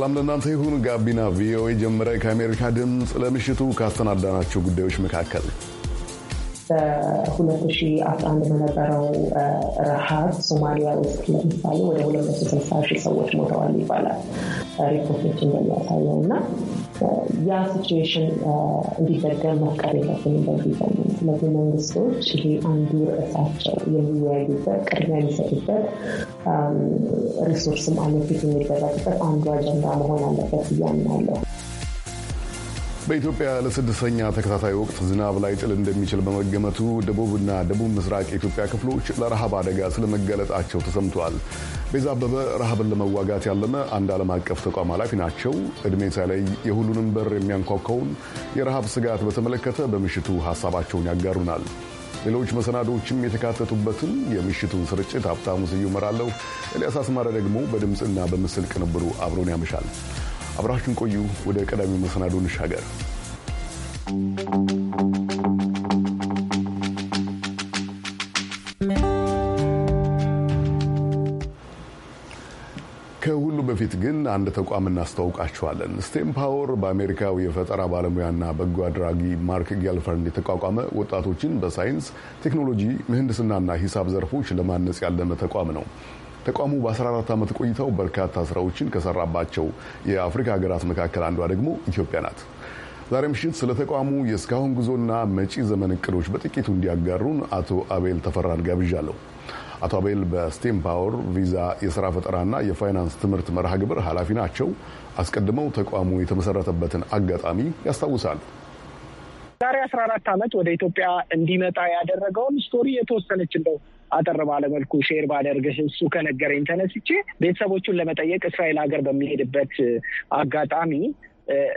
ሰላም ለእናንተ ይሁን። ጋቢና ቪኦኤ ጀመረ። ከአሜሪካ ድምፅ ለምሽቱ ካስተናዳናቸው ጉዳዮች መካከል በ2011 በነበረው ረሃብ ሶማሊያ ውስጥ ለምሳሌ ወደ 260 ሺህ ሰዎች ሞተዋል ይባላል ሪፖርቶች እንደሚያሳየው እና ያ ሲትዌሽን እንዲደገም መፍቀድ የለብን እንደዚህ ስለዚህ መንግስቶች ይሄ አንዱ ርዕሳቸው የሚወያዩበት ቅድሚያ የሚሰጡበት ሪሶርስም አለፊት የሚደረግበት አንዱ አጀንዳ መሆን አለበት ብዬ በኢትዮጵያ ለስድስተኛ ተከታታይ ወቅት ዝናብ ላይ ጥል እንደሚችል በመገመቱ ደቡብና ደቡብ ምስራቅ የኢትዮጵያ ክፍሎች ለረሃብ አደጋ ስለመጋለጣቸው ተሰምቷል። ቤዛ አበበ ረሃብን ለመዋጋት ያለመ አንድ ዓለም አቀፍ ተቋም ኃላፊ ናቸው። ዕድሜ ሳይለይ የሁሉንም በር የሚያንኳኳውን የረሃብ ስጋት በተመለከተ በምሽቱ ሀሳባቸውን ያጋሩናል። ሌሎች መሰናዶዎችም የተካተቱበትን የምሽቱን ስርጭት ሀብታሙ ስዩ እመራለሁ። ኤልያስ አስማረ ደግሞ በድምፅና በምስል ቅንብሩ አብሮን ያመሻል። አብራችን ቆዩ። ወደ ቀዳሚው መሰናዶ እንሻገር። በፊት ግን አንድ ተቋም እናስተዋውቃችኋለን። ስቴም ፓወር በአሜሪካዊ የፈጠራ ባለሙያና በጎ አድራጊ ማርክ ጌልፈርን የተቋቋመ ወጣቶችን በሳይንስ ቴክኖሎጂ፣ ምህንድስናና ሂሳብ ዘርፎች ለማነጽ ያለመ ተቋም ነው። ተቋሙ በ14 ዓመት ቆይታው በርካታ ስራዎችን ከሰራባቸው የአፍሪካ ሀገራት መካከል አንዷ ደግሞ ኢትዮጵያ ናት። ዛሬ ምሽት ስለ ተቋሙ የእስካሁን ጉዞና መጪ ዘመን እቅዶች በጥቂቱ እንዲያጋሩን አቶ አቤል ተፈራን ጋብዣለሁ። አቶ አቤል በስቴም ፓወር ቪዛ የስራ ፈጠራና የፋይናንስ ትምህርት መርሃ ግብር ኃላፊ ናቸው። አስቀድመው ተቋሙ የተመሰረተበትን አጋጣሚ ያስታውሳሉ። ዛሬ አስራ አራት ዓመት ወደ ኢትዮጵያ እንዲመጣ ያደረገውን ስቶሪ የተወሰነች እንደው አጠር ባለመልኩ ሼር ባደርግህ እሱ ከነገረኝ ተነስቼ ቤተሰቦቹን ለመጠየቅ እስራኤል ሀገር በሚሄድበት አጋጣሚ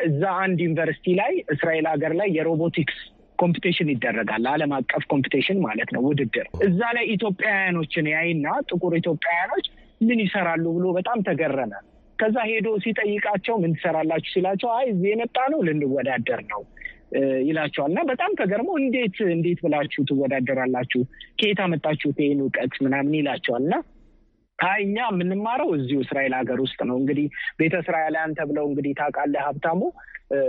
እዛ አንድ ዩኒቨርሲቲ ላይ እስራኤል ሀገር ላይ የሮቦቲክስ ኮምፒቴሽን ይደረጋል። ዓለም አቀፍ ኮምፒቴሽን ማለት ነው ውድድር። እዛ ላይ ኢትዮጵያውያኖችን ያይና ጥቁር ኢትዮጵያውያኖች ምን ይሰራሉ ብሎ በጣም ተገረመ። ከዛ ሄዶ ሲጠይቃቸው ምን ትሰራላችሁ ሲላቸው አይ እዚህ የመጣ ነው ልንወዳደር ነው ይላቸዋል። እና በጣም ተገርሞ እንዴት እንዴት ብላችሁ ትወዳደራላችሁ? ከየት አመጣችሁት ይህን እውቀት ምናምን ይላቸዋል እና እኛ የምንማረው እዚሁ እስራኤል ሀገር ውስጥ ነው። እንግዲህ ቤተ እስራኤላውያን ተብለው እንግዲህ ታውቃለህ ሀብታሙ፣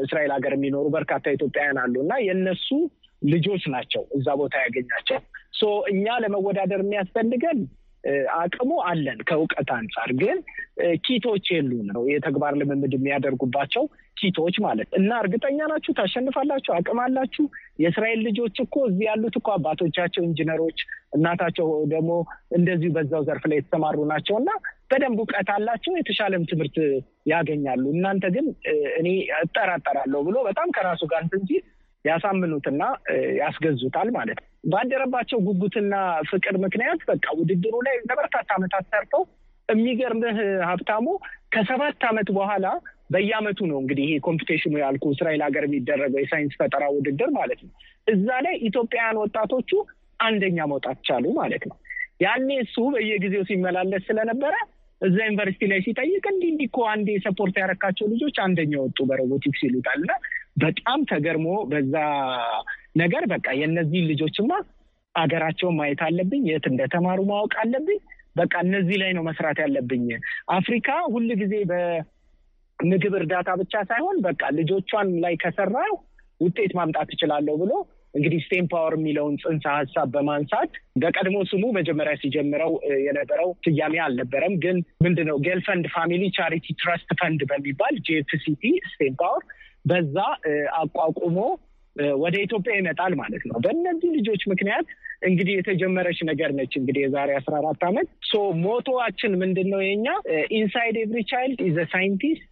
እስራኤል ሀገር የሚኖሩ በርካታ ኢትዮጵያውያን አሉ እና የእነሱ ልጆች ናቸው እዛ ቦታ ያገኛቸው እኛ ለመወዳደር የሚያስፈልገን አቅሙ አለን። ከእውቀት አንጻር ግን ኪቶች የሉ ነው የተግባር ልምምድ የሚያደርጉባቸው ኪቶች ማለት እና እርግጠኛ ናችሁ ታሸንፋላችሁ፣ አቅም አላችሁ። የእስራኤል ልጆች እኮ እዚህ ያሉት እኮ አባቶቻቸው ኢንጂነሮች፣ እናታቸው ደግሞ እንደዚሁ በዛው ዘርፍ ላይ የተሰማሩ ናቸው እና በደንብ እውቀት አላቸው፣ የተሻለም ትምህርት ያገኛሉ። እናንተ ግን እኔ እጠራጠራለሁ ብሎ በጣም ከራሱ ጋር እንትን ሲል ያሳምኑትና ያስገዙታል ማለት ነው። ባደረባቸው ጉጉትና ፍቅር ምክንያት በቃ ውድድሩ ላይ ለበርካታ ዓመታት ሰርተው የሚገርምህ ሀብታሙ ከሰባት አመት በኋላ በየዓመቱ ነው እንግዲህ ይሄ ኮምፒቴሽኑ ያልኩ እስራኤል ሀገር የሚደረገው የሳይንስ ፈጠራ ውድድር ማለት ነው። እዛ ላይ ኢትዮጵያውያን ወጣቶቹ አንደኛ መውጣት ቻሉ ማለት ነው። ያኔ እሱ በየጊዜው ሲመላለስ ስለነበረ እዛ ዩኒቨርሲቲ ላይ ሲጠይቅ እንዲህ እንዲህ እኮ አንዴ ሰፖርት ያረካቸው ልጆች አንደኛ ወጡ በሮቦቲክስ ይሉታል እና በጣም ተገርሞ በዛ ነገር በቃ የእነዚህ ልጆችማ አገራቸውን ማየት አለብኝ፣ የት እንደተማሩ ማወቅ አለብኝ። በቃ እነዚህ ላይ ነው መስራት ያለብኝ። አፍሪካ ሁል ጊዜ በምግብ እርዳታ ብቻ ሳይሆን በቃ ልጆቿን ላይ ከሰራው ውጤት ማምጣት ትችላለሁ ብሎ እንግዲህ ስቴም ፓወር የሚለውን ጽንሰ ሀሳብ በማንሳት በቀድሞ ስሙ መጀመሪያ ሲጀምረው የነበረው ስያሜ አልነበረም። ግን ምንድነው ጌልፈንድ ፋሚሊ ቻሪቲ ትረስት ፈንድ በሚባል ጄፍሲቲ ስቴም ፓወር በዛ አቋቁሞ ወደ ኢትዮጵያ ይመጣል ማለት ነው። በእነዚህ ልጆች ምክንያት እንግዲህ የተጀመረች ነገር ነች። እንግዲህ የዛሬ አስራ አራት ዓመት ሶ ሞቶዋችን ምንድን ነው የኛ ኢንሳይድ ኤቭሪ ቻይልድ ኢዝ ሳይንቲስት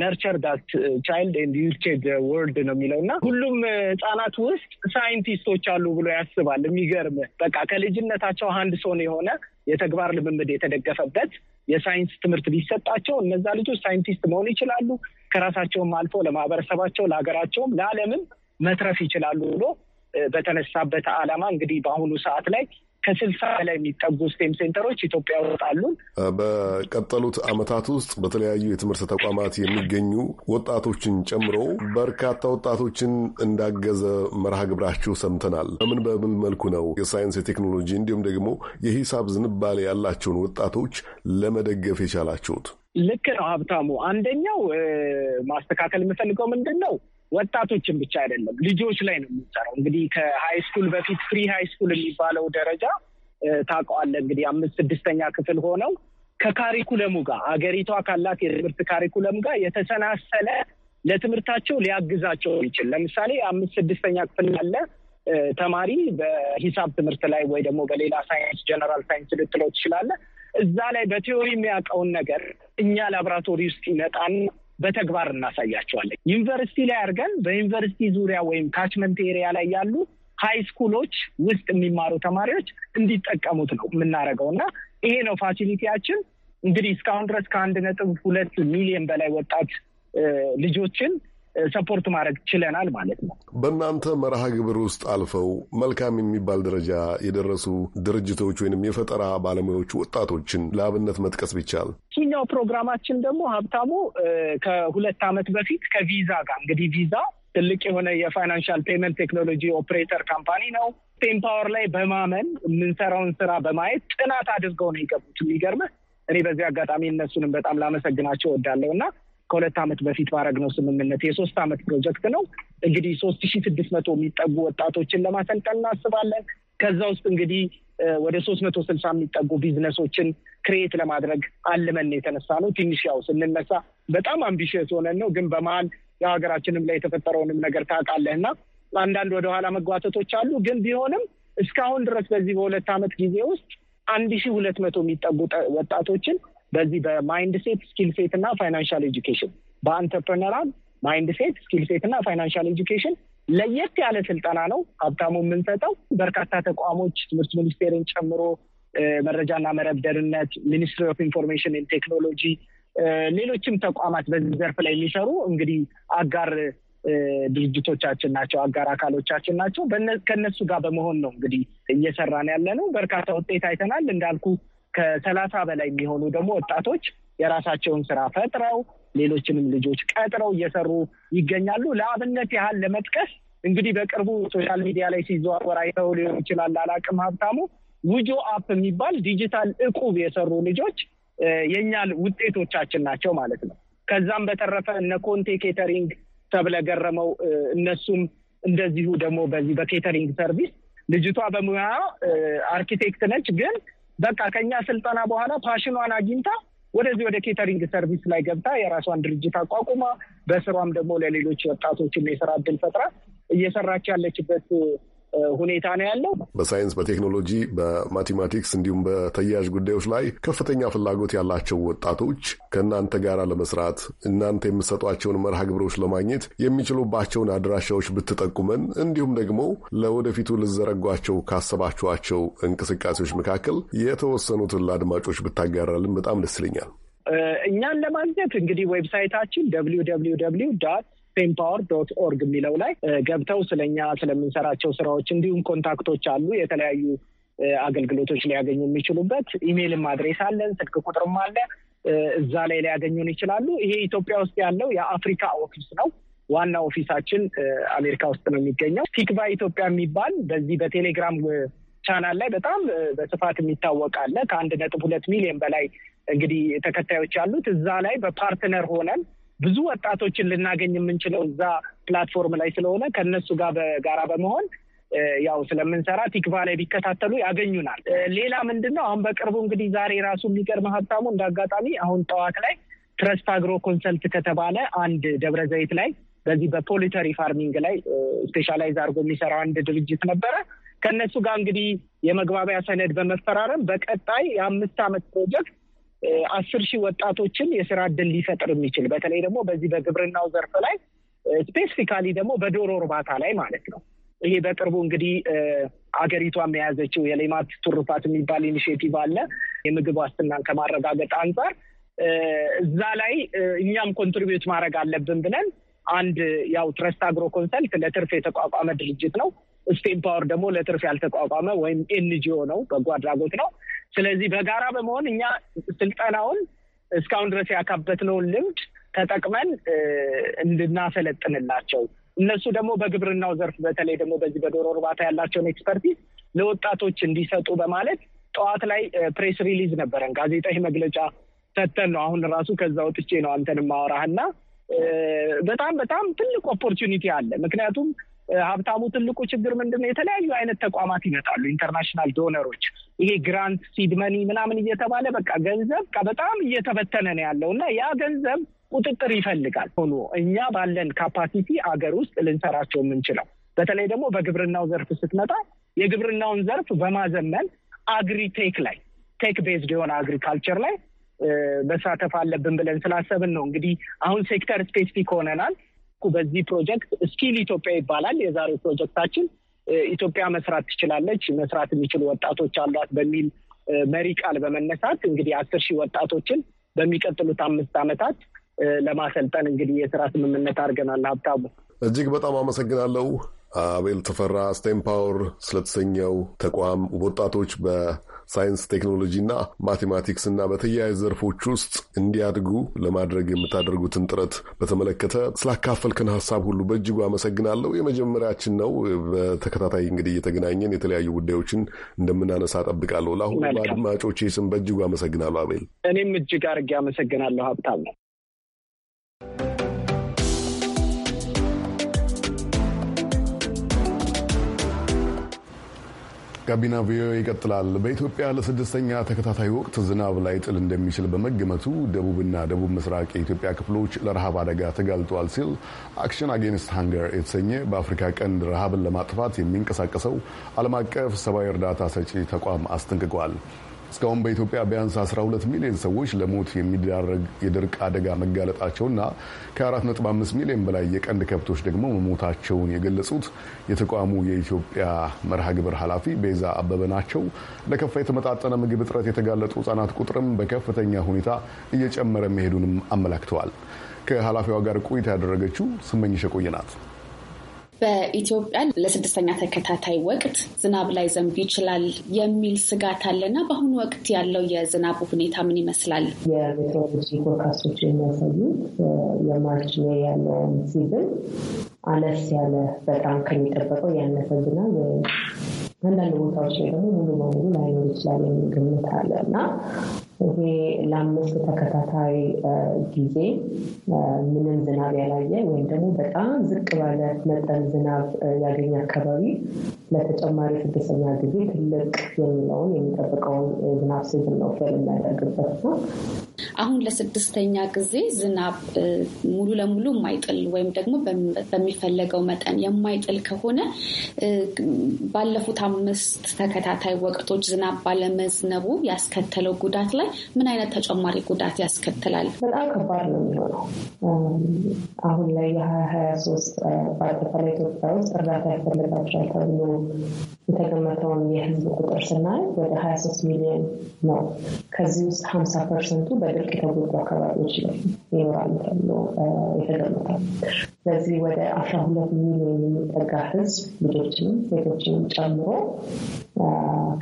ነርቸር ዳት ቻይልድ ኤንድ ዩቼድ ወርልድ ነው የሚለው እና ሁሉም ህጻናት ውስጥ ሳይንቲስቶች አሉ ብሎ ያስባል። የሚገርም በቃ ከልጅነታቸው አንድ ሰው ነው የሆነ የተግባር ልምምድ የተደገፈበት የሳይንስ ትምህርት ቢሰጣቸው እነዛ ልጆች ሳይንቲስት መሆን ይችላሉ። ከራሳቸውም አልፎ ለማህበረሰባቸው፣ ለሀገራቸውም፣ ለዓለምም መትረፍ ይችላሉ ብሎ በተነሳበት ዓላማ እንግዲህ በአሁኑ ሰዓት ላይ ከስልሳ በላይ የሚጠጉ ስቴም ሴንተሮች ኢትዮጵያ ውስጥ አሉ። በቀጠሉት ዓመታት ውስጥ በተለያዩ የትምህርት ተቋማት የሚገኙ ወጣቶችን ጨምሮ በርካታ ወጣቶችን እንዳገዘ መርሃ ግብራችሁ ሰምተናል። በምን በምን መልኩ ነው የሳይንስ የቴክኖሎጂ እንዲሁም ደግሞ የሂሳብ ዝንባሌ ያላቸውን ወጣቶች ለመደገፍ የቻላችሁት? ልክ ነው ሀብታሙ። አንደኛው ማስተካከል የምፈልገው ምንድን ነው ወጣቶችን ብቻ አይደለም ልጆች ላይ ነው የሚሰራው። እንግዲህ ከሀይ ስኩል በፊት ፍሪ ሀይ ስኩል የሚባለው ደረጃ ታውቀዋለህ። እንግዲህ አምስት ስድስተኛ ክፍል ሆነው ከካሪኩለሙ ጋር አገሪቷ ካላት የትምህርት ካሪኩለም ጋር የተሰናሰለ ለትምህርታቸው ሊያግዛቸው ይችል። ለምሳሌ አምስት ስድስተኛ ክፍል ያለ ተማሪ በሂሳብ ትምህርት ላይ ወይ ደግሞ በሌላ ሳይንስ ጀነራል ሳይንስ ልትለው ትችላለህ። እዛ ላይ በቴዎሪ የሚያውቀውን ነገር እኛ ላብራቶሪ ውስጥ ይመጣና በተግባር እናሳያቸዋለን። ዩኒቨርሲቲ ላይ አድርገን በዩኒቨርሲቲ ዙሪያ ወይም ካችመንት ኤሪያ ላይ ያሉ ሀይ ስኩሎች ውስጥ የሚማሩ ተማሪዎች እንዲጠቀሙት ነው የምናደርገው እና ይሄ ነው ፋሲሊቲያችን። እንግዲህ እስካሁን ድረስ ከአንድ ነጥብ ሁለት ሚሊዮን በላይ ወጣት ልጆችን ሰፖርት ማድረግ ችለናል ማለት ነው። በእናንተ መርሃ ግብር ውስጥ አልፈው መልካም የሚባል ደረጃ የደረሱ ድርጅቶች ወይንም የፈጠራ ባለሙያዎች ወጣቶችን ለአብነት መጥቀስ ቢቻል ኪኛው ፕሮግራማችን ደግሞ ሀብታሙ ከሁለት ዓመት በፊት ከቪዛ ጋር እንግዲህ ቪዛ ትልቅ የሆነ የፋይናንሻል ፔመንት ቴክኖሎጂ ኦፕሬተር ካምፓኒ ነው። ፓወር ላይ በማመን የምንሰራውን ስራ በማየት ጥናት አድርገው ነው የገቡት። የሚገርምህ እኔ በዚህ አጋጣሚ እነሱንም በጣም ላመሰግናቸው እወዳለሁ እና ከሁለት ዓመት በፊት ባረግነው ስምምነት የሶስት ዓመት ፕሮጀክት ነው። እንግዲህ ሶስት ሺ ስድስት መቶ የሚጠጉ ወጣቶችን ለማሰልጠን እናስባለን። ከዛ ውስጥ እንግዲህ ወደ ሶስት መቶ ስልሳ የሚጠጉ ቢዝነሶችን ክሬት ለማድረግ አልመን የተነሳ ነው። ትንሽ ያው ስንነሳ በጣም አምቢሽየስ ሆነን ነው፣ ግን በመሀል የሀገራችንም ላይ የተፈጠረውንም ነገር ታውቃለህ እና አንዳንድ ወደኋላ መጓተቶች አሉ። ግን ቢሆንም እስካሁን ድረስ በዚህ በሁለት ዓመት ጊዜ ውስጥ አንድ ሺ ሁለት መቶ የሚጠጉ ወጣቶችን በዚህ በማይንድ ሴት ስኪል ሴት እና ፋይናንሻል ኤጁኬሽን በአንተርፕረነራል ማይንድ ሴት ስኪል ሴት እና ፋይናንሻል ኤጁኬሽን ለየት ያለ ስልጠና ነው ሀብታሙ የምንሰጠው። በርካታ ተቋሞች ትምህርት ሚኒስቴርን ጨምሮ መረጃና መረብ ደህንነት፣ ሚኒስትሪ ኦፍ ኢንፎርሜሽን ቴክኖሎጂ፣ ሌሎችም ተቋማት በዚህ ዘርፍ ላይ የሚሰሩ እንግዲህ አጋር ድርጅቶቻችን ናቸው፣ አጋር አካሎቻችን ናቸው። ከእነሱ ጋር በመሆን ነው እንግዲህ እየሰራን ያለ ነው። በርካታ ውጤት አይተናል እንዳልኩ ከሰላሳ በላይ የሚሆኑ ደግሞ ወጣቶች የራሳቸውን ስራ ፈጥረው ሌሎችንም ልጆች ቀጥረው እየሰሩ ይገኛሉ። ለአብነት ያህል ለመጥቀስ እንግዲህ በቅርቡ ሶሻል ሚዲያ ላይ ሲዘዋወር አይተው ሊሆን ይችላል፣ አላቅም ሀብታሙ። ውጆ አፕ የሚባል ዲጂታል እቁብ የሰሩ ልጆች የኛ ውጤቶቻችን ናቸው ማለት ነው። ከዛም በተረፈ እነ ኮንቴ ኬተሪንግ ገረመው እነሱም እንደዚሁ ደግሞ በዚህ በኬተሪንግ ሰርቪስ ልጅቷ በሙያ አርኪቴክት ነች፣ ግን በቃ ከኛ ስልጠና በኋላ ፓሽኗን አግኝታ ወደዚህ ወደ ኬተሪንግ ሰርቪስ ላይ ገብታ የራሷን ድርጅት አቋቁማ በስሯም ደግሞ ለሌሎች ወጣቶችም የስራ እድል ፈጥራ እየሰራች ያለችበት ሁኔታ ነው ያለው። በሳይንስ በቴክኖሎጂ፣ በማቴማቲክስ እንዲሁም በተያያዥ ጉዳዮች ላይ ከፍተኛ ፍላጎት ያላቸው ወጣቶች ከእናንተ ጋር ለመስራት እናንተ የምትሰጧቸውን መርሃ ግብሮች ለማግኘት የሚችሉባቸውን አድራሻዎች ብትጠቁመን፣ እንዲሁም ደግሞ ለወደፊቱ ልዘረጓቸው ካሰባችኋቸው እንቅስቃሴዎች መካከል የተወሰኑትን ለአድማጮች ብታጋራልን በጣም ደስ ይለኛል። እኛን ለማግኘት እንግዲህ ዌብሳይታችን ደብሊው ደብሊው ደብሊው ኤምፓወር ዶት ኦርግ የሚለው ላይ ገብተው ስለኛ ስለምንሰራቸው ስራዎች እንዲሁም ኮንታክቶች አሉ የተለያዩ አገልግሎቶች ሊያገኙ የሚችሉበት ኢሜይልም አድሬስ አለን፣ ስልክ ቁጥርም አለ። እዛ ላይ ሊያገኙን ይችላሉ። ይሄ ኢትዮጵያ ውስጥ ያለው የአፍሪካ ኦፊስ ነው። ዋና ኦፊሳችን አሜሪካ ውስጥ ነው የሚገኘው። ቲክቫ ኢትዮጵያ የሚባል በዚህ በቴሌግራም ቻናል ላይ በጣም በስፋት የሚታወቅ አለ። ከአንድ ነጥብ ሁለት ሚሊዮን በላይ እንግዲህ ተከታዮች አሉት እዛ ላይ በፓርትነር ሆነን ብዙ ወጣቶችን ልናገኝ የምንችለው እዛ ፕላትፎርም ላይ ስለሆነ ከነሱ ጋር በጋራ በመሆን ያው ስለምንሰራ ቲክቫ ላይ ቢከታተሉ ያገኙናል። ሌላ ምንድን ነው አሁን በቅርቡ እንግዲህ ዛሬ ራሱ የሚገርም ሀብታሙ እንደ አጋጣሚ አሁን ጠዋት ላይ ትረስት አግሮ ኮንሰልት ከተባለ አንድ ደብረ ዘይት ላይ በዚህ በፖሊተሪ ፋርሚንግ ላይ ስፔሻላይዝ አድርጎ የሚሰራው አንድ ድርጅት ነበረ። ከእነሱ ጋር እንግዲህ የመግባቢያ ሰነድ በመፈራረም በቀጣይ የአምስት ዓመት ፕሮጀክት አስር ሺህ ወጣቶችን የስራ እድል ሊፈጥር የሚችል በተለይ ደግሞ በዚህ በግብርናው ዘርፍ ላይ ስፔሲፊካሊ ደግሞ በዶሮ እርባታ ላይ ማለት ነው። ይሄ በቅርቡ እንግዲህ አገሪቷም የያዘችው የሌማት ትሩፋት የሚባል ኢኒሽቲቭ አለ። የምግብ ዋስትናን ከማረጋገጥ አንጻር እዛ ላይ እኛም ኮንትሪቢዩት ማድረግ አለብን ብለን አንድ ያው ትረስት አግሮ ኮንሰልት ለትርፍ የተቋቋመ ድርጅት ነው። ስቴም ፓወር ደግሞ ለትርፍ ያልተቋቋመ ወይም ኤንጂኦ ነው፣ በጎ አድራጎት ነው። ስለዚህ በጋራ በመሆን እኛ ስልጠናውን እስካሁን ድረስ ያካበትነውን ልምድ ተጠቅመን እንድናሰለጥንላቸው እነሱ ደግሞ በግብርናው ዘርፍ በተለይ ደግሞ በዚህ በዶሮ እርባታ ያላቸውን ኤክስፐርቲዝ ለወጣቶች እንዲሰጡ በማለት ጠዋት ላይ ፕሬስ ሪሊዝ ነበረን። ጋዜጣዊ መግለጫ ሰተን ነው። አሁን ራሱ ከዛ ወጥቼ ነው አንተን ማወራህና በጣም በጣም ትልቅ ኦፖርቹኒቲ አለ። ምክንያቱም ሀብታሙ ትልቁ ችግር ምንድን ነው? የተለያዩ አይነት ተቋማት ይመጣሉ። ኢንተርናሽናል ዶነሮች ይሄ ግራንት ሲድመኒ ምናምን እየተባለ በቃ ገንዘብ በጣም እየተበተነ ነው ያለው እና ያ ገንዘብ ቁጥጥር ይፈልጋል። ሆኖ እኛ ባለን ካፓሲቲ አገር ውስጥ ልንሰራቸው የምንችለው በተለይ ደግሞ በግብርናው ዘርፍ ስትመጣ የግብርናውን ዘርፍ በማዘመን አግሪቴክ ላይ ቴክ ቤዝድ የሆነ አግሪካልቸር ላይ መሳተፍ አለብን ብለን ስላሰብን ነው እንግዲህ አሁን ሴክተር ስፔሲፊክ ሆነናል። በዚህ ፕሮጀክት ስኪል ኢትዮጵያ ይባላል የዛሬው ፕሮጀክታችን። ኢትዮጵያ መስራት ትችላለች፣ መስራት የሚችሉ ወጣቶች አሏት በሚል መሪ ቃል በመነሳት እንግዲህ አስር ሺህ ወጣቶችን በሚቀጥሉት አምስት ዓመታት ለማሰልጠን እንግዲህ የስራ ስምምነት አድርገናል። ሀብታሙ እጅግ በጣም አመሰግናለሁ። አቤል ተፈራ ስቴምፓወር ስለተሰኘው ተቋም ወጣቶች በ ሳይንስ፣ ቴክኖሎጂና ማቴማቲክስና በተያያዥ ዘርፎች ውስጥ እንዲያድጉ ለማድረግ የምታደርጉትን ጥረት በተመለከተ ስላካፈልከን ሀሳብ ሁሉ በእጅጉ አመሰግናለሁ። የመጀመሪያችን ነው። በተከታታይ እንግዲህ እየተገናኘን የተለያዩ ጉዳዮችን እንደምናነሳ ጠብቃለሁ። ለአሁኑ በአድማጮች ስም በእጅጉ አመሰግናለሁ አቤል። እኔም እጅግ አድርጌ አመሰግናለሁ ሀብታም ነው። ጋቢና ቪኦኤ ይቀጥላል። በኢትዮጵያ ለስድስተኛ ተከታታይ ወቅት ዝናብ ላይ ጥል እንደሚችል በመገመቱ ደቡብና ደቡብ ምስራቅ የኢትዮጵያ ክፍሎች ለረሃብ አደጋ ተጋልጧል ሲል አክሽን አጌንስት ሃንገር የተሰኘ በአፍሪካ ቀንድ ረሃብን ለማጥፋት የሚንቀሳቀሰው ዓለም አቀፍ ሰብአዊ እርዳታ ሰጪ ተቋም አስጠንቅቋል። እስካሁን በኢትዮጵያ ቢያንስ 12 ሚሊዮን ሰዎች ለሞት የሚዳረግ የድርቅ አደጋ መጋለጣቸውና ከ4.5 ሚሊዮን በላይ የቀንድ ከብቶች ደግሞ መሞታቸውን የገለጹት የተቋሙ የኢትዮጵያ መርሃ ግብር ኃላፊ ቤዛ አበበ ናቸው። ለከፋ የተመጣጠነ ምግብ እጥረት የተጋለጡ ህጻናት ቁጥርም በከፍተኛ ሁኔታ እየጨመረ መሄዱንም አመላክተዋል። ከኃላፊዋ ጋር ቆይታ ያደረገችው ስመኝሽ ቆየናት። በኢትዮጵያ ለስድስተኛ ተከታታይ ወቅት ዝናብ ላይ ዘንብ ይችላል የሚል ስጋት አለና በአሁኑ ወቅት ያለው የዝናቡ ሁኔታ ምን ይመስላል? የሜትሮሎጂ ፎርካስቶች የሚያሳዩት የማርች ላይ ያለውን ሲዝን አነስ ያለ በጣም ከሚጠበቀው ያነሰ ዝናብ አንዳንድ ቦታዎች ላይ ደግሞ ሙሉ በሙሉ ላይኖር ይችላል የሚል ግምት አለ እና ይሄ ለአምስት ተከታታይ ጊዜ ምንም ዝናብ ያላየ ወይም ደግሞ በጣም ዝቅ ባለ መጠን ዝናብ ያገኘ አካባቢ ለተጨማሪ ስድስተኛ ጊዜ ትልቅ የሚለውን የሚጠብቀውን ዝናብ ሲዝን ነው ፌል የሚያደርግበት ነው። አሁን ለስድስተኛ ጊዜ ዝናብ ሙሉ ለሙሉ የማይጥል ወይም ደግሞ በሚፈለገው መጠን የማይጥል ከሆነ ባለፉት አምስት ተከታታይ ወቅቶች ዝናብ ባለመዝነቡ ያስከተለው ጉዳት ላይ ምን አይነት ተጨማሪ ጉዳት ያስከትላል? በጣም ከባድ ነው የሚሆነው። አሁን ላይ የሀያ ሀያ ሶስት በአጠቃላይ ኢትዮጵያ ውስጥ እርዳታ ያስፈልጋቸዋል ተብሎ የተገመተውን የህዝብ ቁጥር ስናይ ወደ 23 ሚሊዮን ነው። ከዚህ ውስጥ 50 ፐርሰንቱ በድርቅ የተጎዱ አካባቢዎች ይኖራሉ ተብሎ የተገመታል። ስለዚህ ወደ 12 ሚሊዮን የሚጠጋ ህዝብ ልጆችንም ሴቶችንም ጨምሮ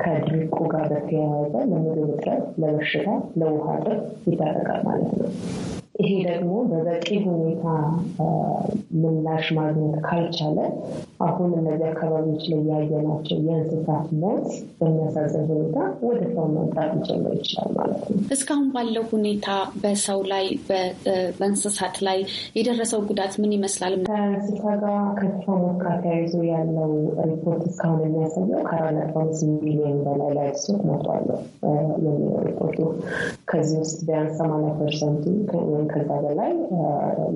ከድርቁ ጋር በተያያዘ ለምግብ እጥረት፣ ለበሽታ፣ ለውሃ እጥረት ይዳረጋል ማለት ነው። ይሄ ደግሞ በበቂ ሁኔታ ምላሽ ማግኘት ካልቻለ አሁን እነዚህ አካባቢዎች ላይ ያየናቸው የእንስሳት ሞት በሚያሳዝን ሁኔታ ወደ ሰው መምጣት ሊጀምር ይችላል ማለት ነው። እስካሁን ባለው ሁኔታ በሰው ላይ በእንስሳት ላይ የደረሰው ጉዳት ምን ይመስላል? ከእንስሳ ጋር ከእንስሳ ሞት ጋር ተያይዞ ያለው ሪፖርት እስካሁን የሚያሳየው ከአራት ነጥብ አምስት ሚሊዮን በላይ ላይ ሱት ሞቷል የሚለው ሪፖርቱ ከዚህ ውስጥ ቢያንስ ሰማንያ ፐርሰንቱ ወይም ከዛ በላይ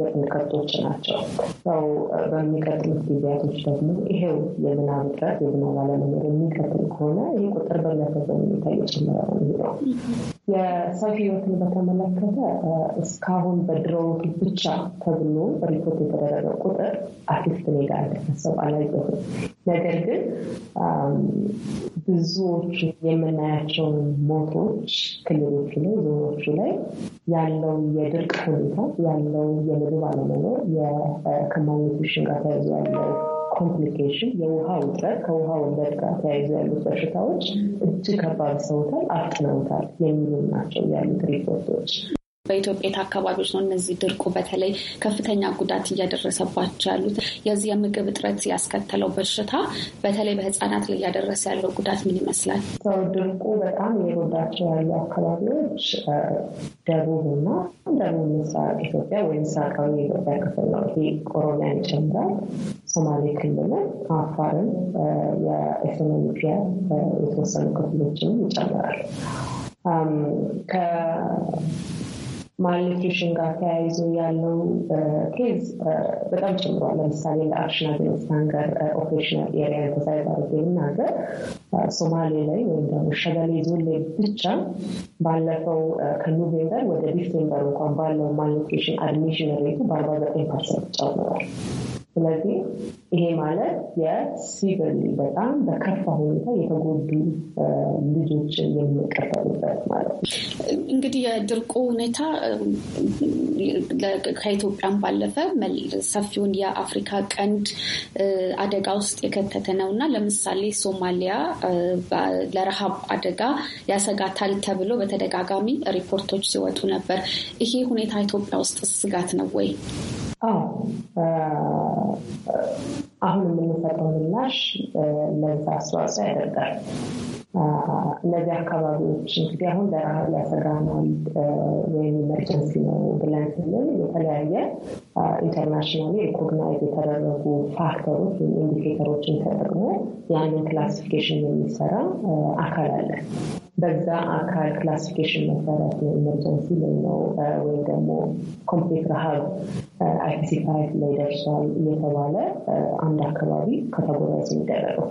የጥንድ ከብቶች ናቸው። ሰው በሚቀጥሉት ጊዜያቶች ደግሞ ይሄው የዝናብ እጥረት የዝናብ አለመኖር የሚቀጥል ከሆነ ይህ ቁጥር በሚያሳዝን ሁኔታ እየጨመረ ነው የሚለው የሰፊ ህይወትን በተመለከተ እስካሁን በድሮው ብቻ ተብሎ ሪፖርት የተደረገው ቁጥር አርቲስት እኔ ጋር አልደረሰም፣ አላየሁትም። ነገር ግን ብዙዎቹ የምናያቸውን ሞቶች ክልሎቹ ላይ ዞኖቹ ላይ ያለው የድርቅ ሁኔታ ያለው የምግብ አለመኖር ከማግኒቱሽን ጋር ተያይዞ ያለው ኮምፕሊኬሽን የውሃ ውጥረት ከውሃ ወለድ ጋር ተያይዞ ያሉት በሽታዎች እጅግ ከባድ ሰውታል፣ አፍጥነውታል የሚሉ ናቸው ያሉት ሪፖርቶች። በኢትዮጵያ አካባቢዎች ነው እነዚህ ድርቁ በተለይ ከፍተኛ ጉዳት እያደረሰባቸው ያሉት። የዚህ የምግብ እጥረት ያስከተለው በሽታ በተለይ በህፃናት ላይ እያደረሰ ያለው ጉዳት ምን ይመስላል? ድርቁ በጣም የጎዳቸው ያሉ አካባቢዎች ደቡብና ደቡብ ምስራቅ ኢትዮጵያ ወይም ምስራቃዊ የኢትዮጵያ ክፍል ነው። ይሄ ኦሮሚያን ይጨምራል፣ ሶማሌ ክልልን፣ አፋርን፣ የኢኮኖሚያ የተወሰኑ ክፍሎችንም ይጨምራል። ማልኒትሪሽን ጋር ተያይዞ ያለው ኬዝ በጣም ጨምሯል። ለምሳሌ ለአሽናግ ሀንገር ኦፕሬሽናል ኤሪያ ተሳይት አድርጌ ሶማሌ ላይ ወይም ደግሞ ሸገሌ ዞን ላይ ብቻ ባለፈው ከኖቬምበር ወደ ዲሴምበር እንኳን ባለው ማልኒትሪሽን አድሚሽን ሬቱ በአርባ ዘጠኝ ፐርሰንት ጨምሯል። ስለዚህ ይሄ ማለት የሲቪል በጣም በከፋ ሁኔታ የተጎዱ ልጆችን የሚቀበሉበት ማለት ነው። እንግዲህ የድርቁ ሁኔታ ከኢትዮጵያም ባለፈ ሰፊውን የአፍሪካ ቀንድ አደጋ ውስጥ የከተተ ነው እና ለምሳሌ ሶማሊያ ለረሃብ አደጋ ያሰጋታል ተብሎ በተደጋጋሚ ሪፖርቶች ሲወጡ ነበር። ይሄ ሁኔታ ኢትዮጵያ ውስጥ ስጋት ነው ወይ? አሁን የምንፈጥረው ምላሽ ለዛ አስተዋጽኦ ያደርጋል። እነዚህ አካባቢዎች እንግዲህ አሁን ለረሃብ ሊያሰጋናል ወይም ኢመርጀንሲ ነው ብለን ስንል የተለያየ ኢንተርናሽናል ሪኮግናይዝ የተደረጉ ፋክተሮች ወይም ኢንዲኬተሮችን ተጠቅሞ ያንን ክላሲፊኬሽን የሚሰራ አካል አለ። በዛ አካል ክላሲፊኬሽን መሰረት የኤመርጀንሲ ላይ ነው ወይም ደግሞ ኮምፕሌት ረሃብ አይፒሲ ፋይቭ ላይ ደርሷል እየተባለ አንድ አካባቢ ካታጎራይዝ የሚደረገው።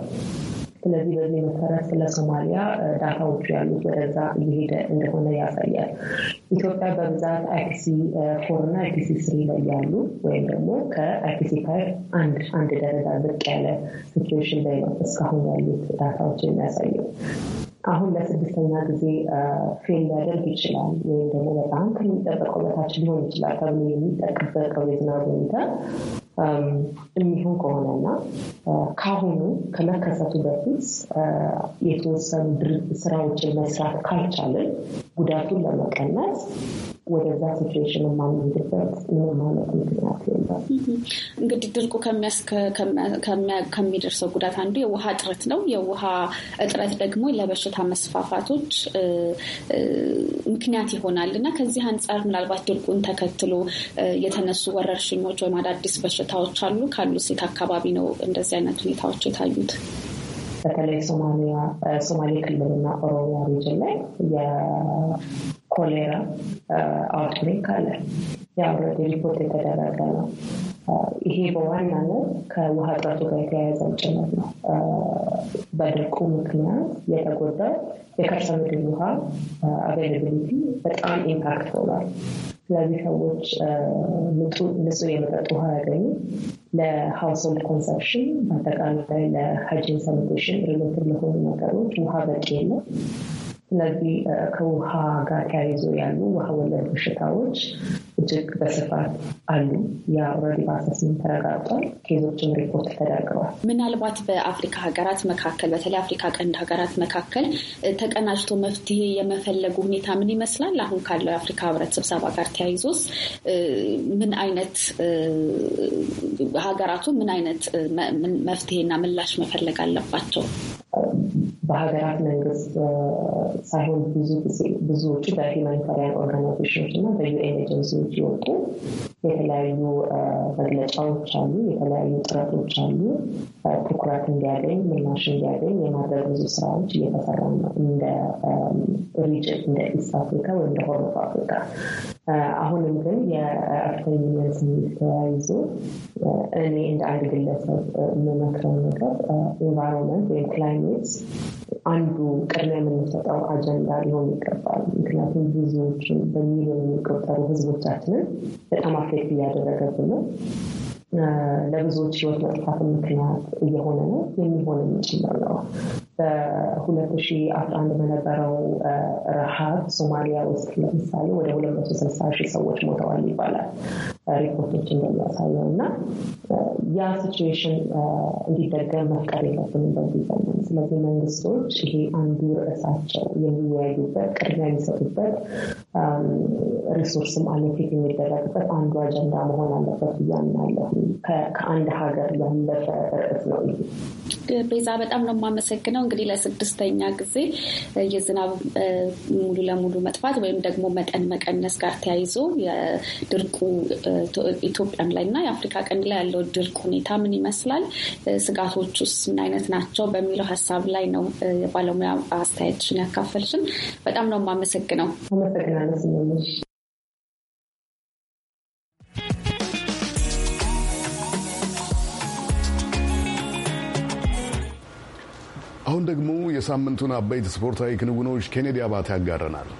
ስለዚህ በዚህ መሰረት ስለ ሶማሊያ ዳታዎቹ ያሉት ወደዛ እየሄደ እንደሆነ ያሳያል። ኢትዮጵያ በብዛት አይፒሲ ፎር እና አይፒሲ ስሪ ላይ ያሉ ወይም ደግሞ ከአይፒሲ ፋይቭ አንድ አንድ ደረጃ ዝቅ ያለ ሲትዌሽን ላይ ነው እስካሁን ያሉት ዳታዎች የሚያሳየው። አሁን ለስድስተኛ ጊዜ ፌል ሊያደርግ ይችላል ወይም ደግሞ በጣም ከሚጠበቀው በታች ሊሆን ይችላል ተብሎ የሚጠበቀው የዝናብ ሁኔታ የሚሆን ከሆነና ከአሁኑ ከመከሰቱ በፊት የተወሰኑ ስራዎችን መስራት ካልቻለን ጉዳቱን ለመቀነስ ወደዛ ሲትዌሽን የማንሄድበት ምንም አይነት ምክንያት የለም። እንግዲህ ድርቁ ከሚደርሰው ጉዳት አንዱ የውሃ እጥረት ነው። የውሃ እጥረት ደግሞ ለበሽታ መስፋፋቶች ምክንያት ይሆናል እና ከዚህ አንጻር ምናልባት ድርቁን ተከትሎ የተነሱ ወረርሽኞች ወይም አዳዲስ በሽታዎች አሉ ካሉ ሴት አካባቢ ነው እንደዚህ አይነት ሁኔታዎች የታዩት። በተለይ ሶማሌ ክልልና ኦሮሚያ ሪጅን ላይ ኮሌራ፣ አውትብሬክ አለ። የአውረድ ሪፖርት የተደረገ ነው። ይሄ በዋናነት ከውሃ ጥረቱ ጋር የተያያዘ ጭነት ነው። በድርቁ ምክንያት የተጎዳው የከርሰ ምድር ውሃ አቬይላቢሊቲ በጣም ኢምፓክት ሆኗል። ስለዚህ ሰዎች ንጹህ የመጠጥ ውሃ ያገኙ ለሃውስሆልድ ኮንሰፕሽን በአጠቃላይ ለሃይጂን ሳኒቴሽን ሪሌትድ ለሆኑ ነገሮች ውሃ በቂ የለም። ስለዚህ ከውሃ ጋር ተያይዞ ያሉ ውሃ ወለድ በሽታዎች እጅግ በስፋት አሉ። የአውረዲ ባሰስም ተረጋግጧል። ኬዞችም ሪፖርት ተደርገዋል። ምናልባት በአፍሪካ ሀገራት መካከል በተለይ አፍሪካ ቀንድ ሀገራት መካከል ተቀናጅቶ መፍትሄ የመፈለጉ ሁኔታ ምን ይመስላል? አሁን ካለው የአፍሪካ ህብረት ስብሰባ ጋር ተያይዞስ ምን አይነት ሀገራቱ ምን አይነት መፍትሄና ምላሽ መፈለግ አለባቸው? በሀገራት መንግስት ሳይሆን ብዙ ጊዜ ብዙዎቹ በሂማኒታሪያን ኦርጋናይዜሽኖች እና በዩኤን ኤጀንሲዎች የወጡ የተለያዩ መግለጫዎች አሉ፣ የተለያዩ ጥረቶች አሉ። ትኩረት እንዲያገኝ ምላሽ እንዲያገኝ የማድረግ ብዙ ስራዎች እየተሰራ ነው። እንደ ሪጅን እንደ ኢስት አፍሪካ ወይም እንደ ሆርን ኦፍ አፍሪካ አሁንም ግን ዩኒየን ስሜት ተያይዞ እኔ እንደ አንድ ግለሰብ የምመክረው ነገር ኢንቫይሮንመንት ወይም ክላይሜት አንዱ ቅድሚያ የምንሰጠው አጀንዳ ሊሆን ይገባል። ምክንያቱም ብዙዎችን በሚሊዮን የሚቆጠሩ ህዝቦቻችንን በጣም አፌክት እያደረገብን ነው። ለብዙዎች ህይወት መጥፋት ምክንያት እየሆነ ነው የሚሆን የሚችለው ነው። በ2011 በነበረው ረሃብ ሶማሊያ ውስጥ ለምሳሌ ወደ 260 ሺህ ሰዎች ሞተዋል ይባላል ሪፖርቶች እንደሚያሳየው እና ያ ሲትዌሽን እንዲደገም መፍቀድ የለብንም በዚህ ዘመን። ስለዚህ መንግስቶች ይሄ አንዱ ርዕሳቸው የሚወያዩበት ቅድሚያ የሚሰጡበት ሪሶርስም um, አሎኬት የሚደረግበት አንዱ አጀንዳ መሆን አለበት ብያምናለሁ። ከአንድ ሀገር ለሁለፈ ርዕስ ነው። ቤዛ በጣም ነው የማመሰግነው። እንግዲህ ለስድስተኛ ጊዜ የዝናብ ሙሉ ለሙሉ መጥፋት ወይም ደግሞ መጠን መቀነስ ጋር ተያይዞ የድርቁ ኢትዮጵያም ላይ እና የአፍሪካ ቀንድ ላይ ያለው ድርቅ ሁኔታ ምን ይመስላል፣ ስጋቶች ውስጥ ምን አይነት ናቸው በሚለው ሀሳብ ላይ ነው የባለሙያ አስተያየትሽን ያካፈልሽን። በጣም ነው የማመሰግነው። አመሰግናለሁ። አሁን ደግሞ የሳምንቱን አበይት ስፖርታዊ ክንውኖች ኬኔዲ አባት ያጋረናል።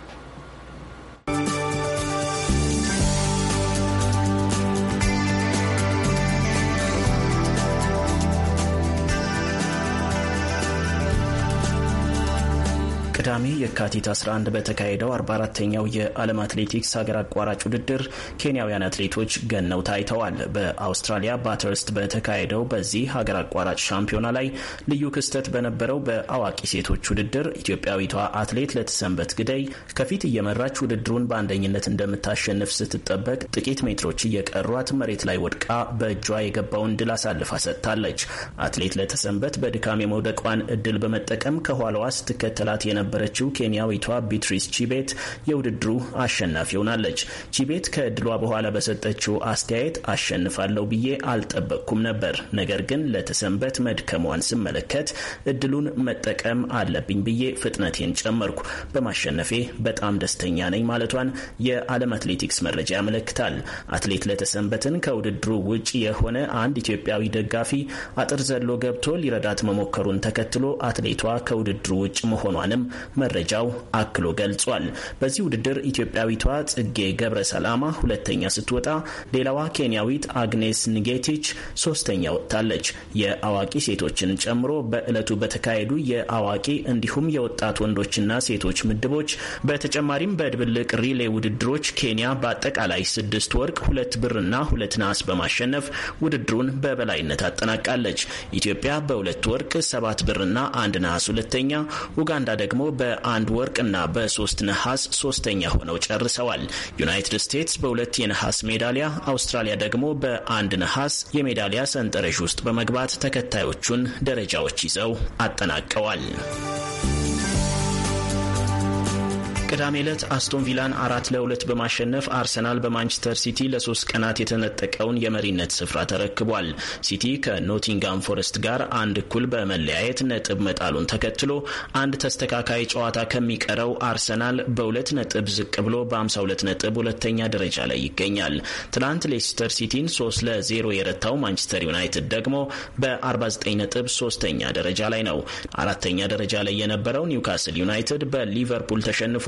ቅዳሜ የካቲት 11 በተካሄደው 44ተኛው የዓለም አትሌቲክስ ሀገር አቋራጭ ውድድር ኬንያውያን አትሌቶች ገነው ታይተዋል። በአውስትራሊያ ባተርስት በተካሄደው በዚህ ሀገር አቋራጭ ሻምፒዮና ላይ ልዩ ክስተት በነበረው በአዋቂ ሴቶች ውድድር ኢትዮጵያዊቷ አትሌት ለተሰንበት ግደይ ከፊት እየመራች ውድድሩን በአንደኝነት እንደምታሸንፍ ስትጠበቅ ጥቂት ሜትሮች እየቀሯት መሬት ላይ ወድቃ በእጇ የገባውን ድል አሳልፋ ሰጥታለች። አትሌት ለተሰንበት በድካም የመውደቋን እድል በመጠቀም ከኋላዋ ስትከተላት የነበረች የሆነችው ኬንያዊቷ ቢትሪስ ቺቤት የውድድሩ አሸናፊ ሆናለች። ቺቤት ከድሏ በኋላ በሰጠችው አስተያየት አሸንፋለሁ ብዬ አልጠበቅኩም ነበር፣ ነገር ግን ለተሰንበት መድከሟን ስመለከት እድሉን መጠቀም አለብኝ ብዬ ፍጥነቴን ጨመርኩ። በማሸነፌ በጣም ደስተኛ ነኝ ማለቷን የዓለም አትሌቲክስ መረጃ ያመለክታል። አትሌት ለተሰንበትን ከውድድሩ ውጭ የሆነ አንድ ኢትዮጵያዊ ደጋፊ አጥር ዘሎ ገብቶ ሊረዳት መሞከሩን ተከትሎ አትሌቷ ከውድድሩ ውጭ መሆኗንም መረጃው አክሎ ገልጿል። በዚህ ውድድር ኢትዮጵያዊቷ ጽጌ ገብረ ሰላማ ሁለተኛ ስትወጣ፣ ሌላዋ ኬንያዊት አግኔስ ንጌቲች ሶስተኛ ወጥታለች። የአዋቂ ሴቶችን ጨምሮ በዕለቱ በተካሄዱ የአዋቂ እንዲሁም የወጣት ወንዶችና ሴቶች ምድቦች በተጨማሪም በድብልቅ ሪሌ ውድድሮች ኬንያ በአጠቃላይ ስድስት ወርቅ፣ ሁለት ብርና ሁለት ነሐስ በማሸነፍ ውድድሩን በበላይነት አጠናቃለች። ኢትዮጵያ በሁለት ወርቅ፣ ሰባት ብርና አንድ ነሐስ ሁለተኛ፣ ኡጋንዳ ደግሞ በ በአንድ ወርቅና በሶስት ነሐስ ሶስተኛ ሆነው ጨርሰዋል። ዩናይትድ ስቴትስ በሁለት የነሐስ ሜዳሊያ፣ አውስትራሊያ ደግሞ በአንድ ነሐስ የሜዳሊያ ሰንጠረዥ ውስጥ በመግባት ተከታዮቹን ደረጃዎች ይዘው አጠናቀዋል። ቅዳሜ ዕለት አስቶን ቪላን አራት ለሁለት በማሸነፍ አርሰናል በማንቸስተር ሲቲ ለሶስት ቀናት የተነጠቀውን የመሪነት ስፍራ ተረክቧል። ሲቲ ከኖቲንጋም ፎረስት ጋር አንድ እኩል በመለያየት ነጥብ መጣሉን ተከትሎ አንድ ተስተካካይ ጨዋታ ከሚቀረው አርሰናል በሁለት ነጥብ ዝቅ ብሎ በ52 ነጥብ ሁለተኛ ደረጃ ላይ ይገኛል። ትናንት ሌስተር ሲቲን 3 ለዜሮ የረታው ማንቸስተር ዩናይትድ ደግሞ በ49 ነጥብ ሶስተኛ ደረጃ ላይ ነው። አራተኛ ደረጃ ላይ የነበረው ኒውካስል ዩናይትድ በሊቨርፑል ተሸንፎ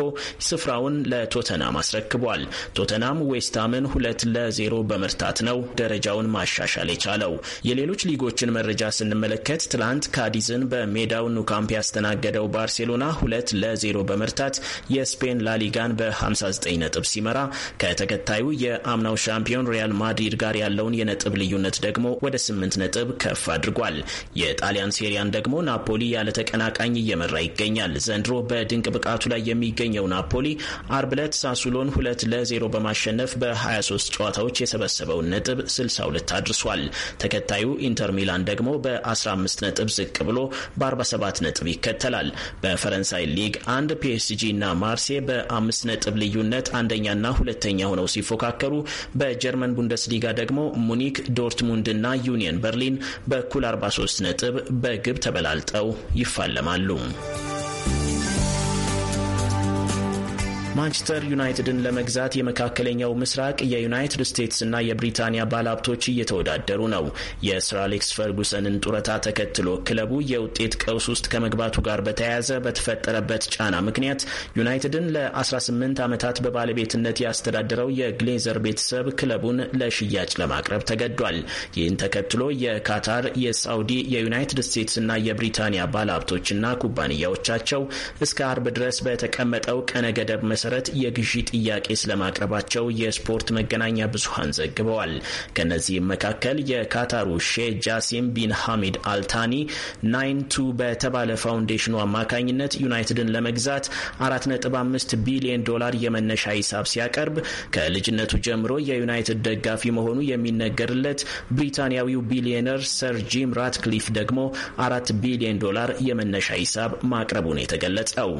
ስፍራውን ለቶተናም አስረክቧል። ቶተናም ዌስትሃምን ሁለት ለዜሮ በመርታት ነው ደረጃውን ማሻሻል የቻለው። የሌሎች ሊጎችን መረጃ ስንመለከት ትላንት ካዲዝን በሜዳው ኑካምፕ ያስተናገደው ባርሴሎና ሁለት ለዜሮ በመርታት የስፔን ላሊጋን በ59 ነጥብ ሲመራ ከተከታዩ የአምናው ሻምፒዮን ሪያል ማድሪድ ጋር ያለውን የነጥብ ልዩነት ደግሞ ወደ 8 ነጥብ ከፍ አድርጓል። የጣሊያን ሴሪያን ደግሞ ናፖሊ ያለ ተቀናቃኝ እየመራ ይገኛል። ዘንድሮ በድንቅ ብቃቱ ላይ የሚገኘው የሚገኘው ናፖሊ አርብ ዕለት ሳሱሎን ሁለት ለዜሮ በማሸነፍ በ23 ጨዋታዎች የሰበሰበውን ነጥብ 62 አድርሷል። ተከታዩ ኢንተር ሚላን ደግሞ በ15 ነጥብ ዝቅ ብሎ በ47 ነጥብ ይከተላል። በፈረንሳይ ሊግ አንድ ፒኤስጂ እና ማርሴ በአምስት ነጥብ ልዩነት አንደኛና ሁለተኛ ሆነው ሲፎካከሩ በጀርመን ቡንደስሊጋ ደግሞ ሙኒክ፣ ዶርትሙንድ እና ዩኒየን በርሊን በኩል 43 ነጥብ በግብ ተበላልጠው ይፋለማሉ። ማንቸስተር ዩናይትድን ለመግዛት የመካከለኛው ምስራቅ የዩናይትድ ስቴትስና የብሪታንያ ባለሀብቶች እየተወዳደሩ ነው። የሰር አሌክስ ፈርጉሰንን ጡረታ ተከትሎ ክለቡ የውጤት ቀውስ ውስጥ ከመግባቱ ጋር በተያያዘ በተፈጠረበት ጫና ምክንያት ዩናይትድን ለ18 ዓመታት በባለቤትነት ያስተዳደረው የግሌዘር ቤተሰብ ክለቡን ለሽያጭ ለማቅረብ ተገዷል። ይህን ተከትሎ የካታር፣ የሳውዲ፣ የዩናይትድ ስቴትስና የብሪታንያ ባለሀብቶችና ኩባንያዎቻቸው እስከ አርብ ድረስ በተቀመጠው ቀነ ገደብ መሰረት መሰረት የግዢ ጥያቄ ስለማቅረባቸው የስፖርት መገናኛ ብዙሀን ዘግበዋል። ከእነዚህም መካከል የካታሩ ሼህ ጃሲም ቢን ሐሚድ አልታኒ ናይን በተባለ ፋውንዴሽኑ አማካኝነት ዩናይትድን ለመግዛት 4.5 ቢሊዮን ዶላር የመነሻ ሂሳብ ሲያቀርብ ከልጅነቱ ጀምሮ የዩናይትድ ደጋፊ መሆኑ የሚነገርለት ብሪታንያዊው ቢሊዮነር ሰር ጂም ራትክሊፍ ደግሞ 4 ቢሊዮን ዶላር የመነሻ ሂሳብ ማቅረቡን የተገለጸው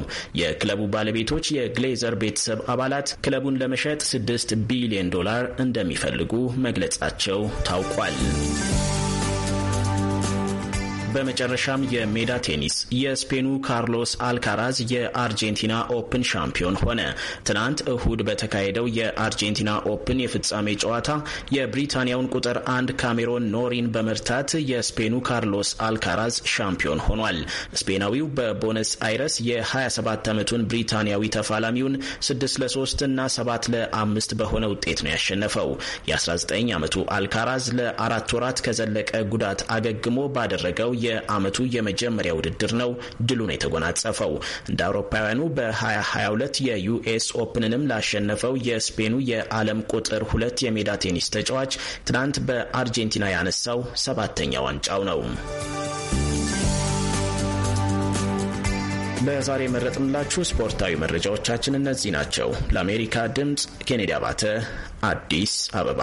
የክለቡ ባለቤቶች የግሌዘ የአልናስር ቤተሰብ አባላት ክለቡን ለመሸጥ 6 ቢሊዮን ዶላር እንደሚፈልጉ መግለጻቸው ታውቋል። በመጨረሻም የሜዳ ቴኒስ የስፔኑ ካርሎስ አልካራዝ የአርጀንቲና ኦፕን ሻምፒዮን ሆነ። ትናንት እሁድ በተካሄደው የአርጀንቲና ኦፕን የፍጻሜ ጨዋታ የብሪታንያውን ቁጥር አንድ ካሜሮን ኖሪን በመርታት የስፔኑ ካርሎስ አልካራዝ ሻምፒዮን ሆኗል። ስፔናዊው በቦነስ አይረስ የ27 ዓመቱን ብሪታንያዊ ተፋላሚውን 6 ለ3 እና 7 ለ5 በሆነ ውጤት ነው ያሸነፈው። የ19 ዓመቱ አልካራዝ ለአራት ወራት ከዘለቀ ጉዳት አገግሞ ባደረገው የአመቱ የመጀመሪያ ውድድር ነው ድሉን የተጎናጸፈው። እንደ አውሮፓውያኑ በ2022 የዩኤስ ኦፕንንም ላሸነፈው የስፔኑ የዓለም ቁጥር ሁለት የሜዳ ቴኒስ ተጫዋች ትናንት በአርጀንቲና ያነሳው ሰባተኛ ዋንጫው ነው። ለዛሬ የመረጥንላችሁ ስፖርታዊ መረጃዎቻችን እነዚህ ናቸው። ለአሜሪካ ድምፅ ኬኔዲ አባተ አዲስ አበባ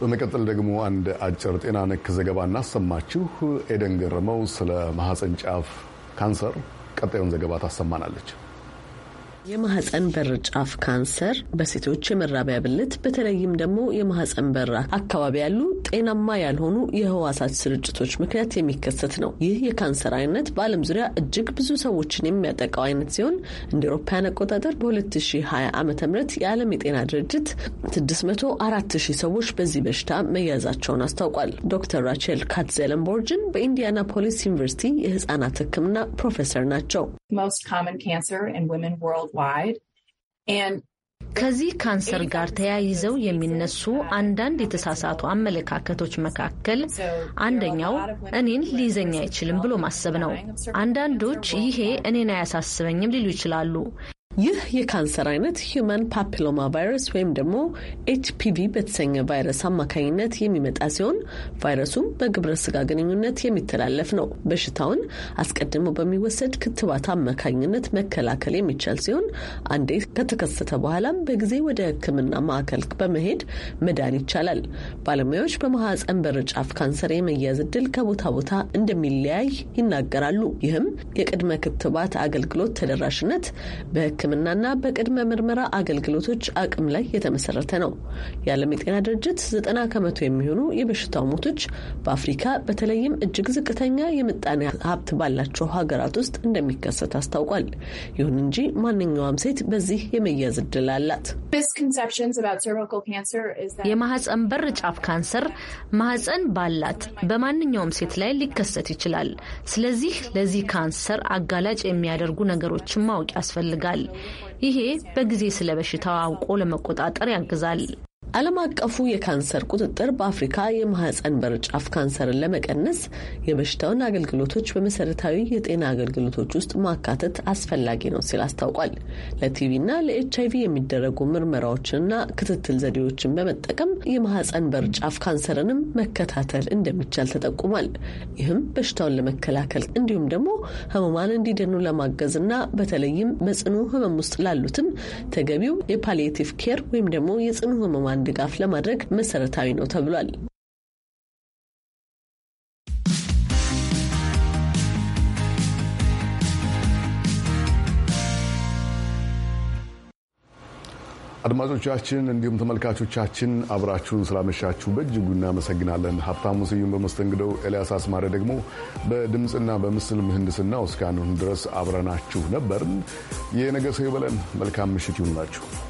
በመቀጠል ደግሞ አንድ አጭር ጤና ነክ ዘገባ እናሰማችሁ። ኤደን ገረመው ስለ ማህፀን ጫፍ ካንሰር ቀጣዩን ዘገባ ታሰማናለች። የማህፀን በር ጫፍ ካንሰር በሴቶች የመራቢያ ብልት በተለይም ደግሞ የማህፀን በር አካባቢ ያሉ ጤናማ ያልሆኑ የህዋሳት ስርጭቶች ምክንያት የሚከሰት ነው። ይህ የካንሰር አይነት በዓለም ዙሪያ እጅግ ብዙ ሰዎችን የሚያጠቃው አይነት ሲሆን እንደ አውሮፓውያን አቆጣጠር በ2020 ዓ ም የዓለም የጤና ድርጅት 604 ሺህ ሰዎች በዚህ በሽታ መያዛቸውን አስታውቋል። ዶክተር ራቸል ካትዘለንቦርጅን በኢንዲያና ፖሊስ ዩኒቨርሲቲ የህፃናት ህክምና ፕሮፌሰር ናቸው። ከዚህ ካንሰር ጋር ተያይዘው የሚነሱ አንዳንድ የተሳሳቱ አመለካከቶች መካከል አንደኛው እኔን ሊይዘኝ አይችልም ብሎ ማሰብ ነው። አንዳንዶች ይሄ እኔን አያሳስበኝም ሊሉ ይችላሉ። ይህ የካንሰር አይነት ሂዩማን ፓፒሎማ ቫይረስ ወይም ደግሞ ኤችፒቪ በተሰኘ ቫይረስ አማካኝነት የሚመጣ ሲሆን ቫይረሱም በግብረ ስጋ ግንኙነት የሚተላለፍ ነው። በሽታውን አስቀድሞ በሚወሰድ ክትባት አማካኝነት መከላከል የሚቻል ሲሆን አንዴ ከተከሰተ በኋላም በጊዜ ወደ ሕክምና ማዕከል በመሄድ መዳን ይቻላል። ባለሙያዎች በማህፀን በር ጫፍ ካንሰር የመያዝ እድል ከቦታ ቦታ እንደሚለያይ ይናገራሉ። ይህም የቅድመ ክትባት አገልግሎት ተደራሽነት በ በሕክምናና በቅድመ ምርመራ አገልግሎቶች አቅም ላይ የተመሰረተ ነው። የዓለም የጤና ድርጅት ዘጠና ከመቶ የሚሆኑ የበሽታው ሞቶች በአፍሪካ በተለይም እጅግ ዝቅተኛ የምጣኔ ሀብት ባላቸው ሀገራት ውስጥ እንደሚከሰት አስታውቋል። ይሁን እንጂ ማንኛውም ሴት በዚህ የመያዝ እድል አላት። የማህፀን በር ጫፍ ካንሰር ማህፀን ባላት በማንኛውም ሴት ላይ ሊከሰት ይችላል። ስለዚህ ለዚህ ካንሰር አጋላጭ የሚያደርጉ ነገሮችን ማወቅ ያስፈልጋል። ይሄ በጊዜ ስለ በሽታው አውቆ ለመቆጣጠር ያግዛል። ዓለም አቀፉ የካንሰር ቁጥጥር በአፍሪካ የማህፀን በር ጫፍ ካንሰርን ለመቀነስ የበሽታውን አገልግሎቶች በመሰረታዊ የጤና አገልግሎቶች ውስጥ ማካተት አስፈላጊ ነው ሲል አስታውቋል። ለቲቪና ለኤች አይቪ የሚደረጉ ምርመራዎችንና ክትትል ዘዴዎችን በመጠቀም የማህፀን በር ጫፍ ካንሰርንም መከታተል እንደሚቻል ተጠቁሟል። ይህም በሽታውን ለመከላከል እንዲሁም ደግሞ ህሙማን እንዲደኑ ለማገዝና በተለይም በጽኑ ህመም ውስጥ ላሉትም ተገቢው የፓሊቲቭ ኬር ወይም ደግሞ የጽኑ ህሙማን የምሁራን ድጋፍ ለማድረግ መሰረታዊ ነው ተብሏል። አድማጮቻችን እንዲሁም ተመልካቾቻችን አብራችሁን ስላመሻችሁ በእጅጉ እናመሰግናለን። ሀብታሙ ስዩም በመስተንግደው፣ ኤልያስ አስማረ ደግሞ በድምፅና በምስል ምህንድስና እስካሁን ድረስ አብረናችሁ ነበርን። የነገ ሰው ይበለን። መልካም ምሽት ይሁንላችሁ።